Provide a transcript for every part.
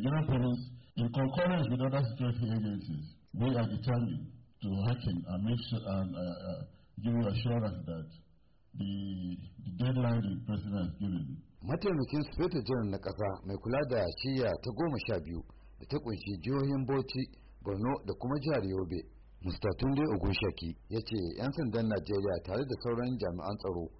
Nigerian police, in concurrence with other security agencies, we are determined to hack happen and make sure and uh, uh, give you assurance that the, the deadline the president has given. Mataimakin Sufeta Jiran na ƙasa mai kula da shiya ta goma sha biyu da ta kunshi jihohin Bauchi, Borno da kuma jihar Yobe, Mr. Tunde Ogunshaki ya ce 'yan sandan Najeriya tare da sauran jami'an tsaro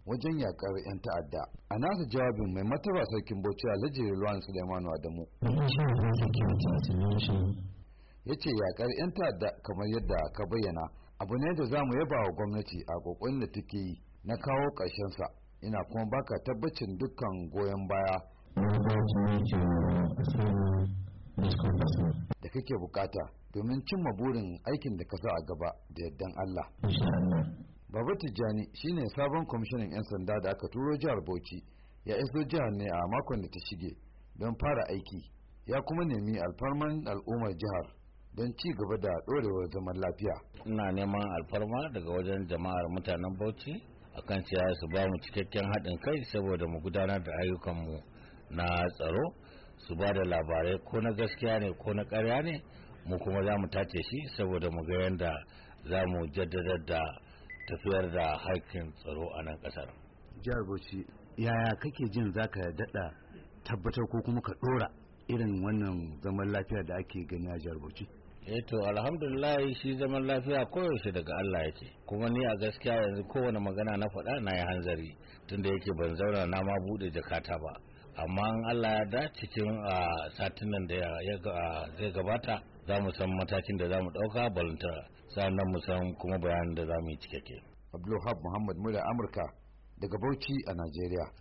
wajen yakar 'yan ta'adda a nasa jawabin mai mataba sarkin bauchi alhaji rilwan suleimanu adamu ya ce yakar 'yan ta'adda kamar yadda ka bayyana abu ne da za mu yaba wa gwamnati a kokarin da take yi na kawo sa ina kuma baka tabbacin dukkan goyon baya da kake bukata domin cimma burin aikin da ka sa a gaba da yaddan Allah. baba tijjani shine sabon kwamishinan 'yan sanda da aka turo jihar bauchi ya iso jihar ne a makon da ta shige don fara aiki ya kuma nemi alfarman al'ummar jihar don ci gaba da dorewar zaman lafiya ina neman alfarma daga wajen jama'ar mutanen bauchi akan cewa su ba mu cikakken haɗin kai saboda mu gudanar da ayyukanmu na tsaro su ba da labarai ko na gaskiya ne ko na ƙarya ne mu kuma za mu tace shi saboda mu ga yadda za mu jaddadar da tafiyar da harkin tsaro a nan kasar jihar bauchi yaya kake jin za zaka daɗa tabbatar ko kuma ka ɗora irin wannan zaman lafiya da ake gani a jihar bauchi eh to alhamdulillah shi zaman lafiya koyaushe daga Allah yake kuma ni a gaskiya yanzu kowane magana na faɗa na yi hanzari tunda yake ban zauna na ma buɗe jakata ba amma Allah ya da cikin a ah, satin nan da ah, zai gabata za mu san matakin da za mu ɗauka balanta nan mu san kuma bayanin da za mu yi cikakke. Abdulhab Muhammad Mura Amurka daga Bauchi a Najeriya.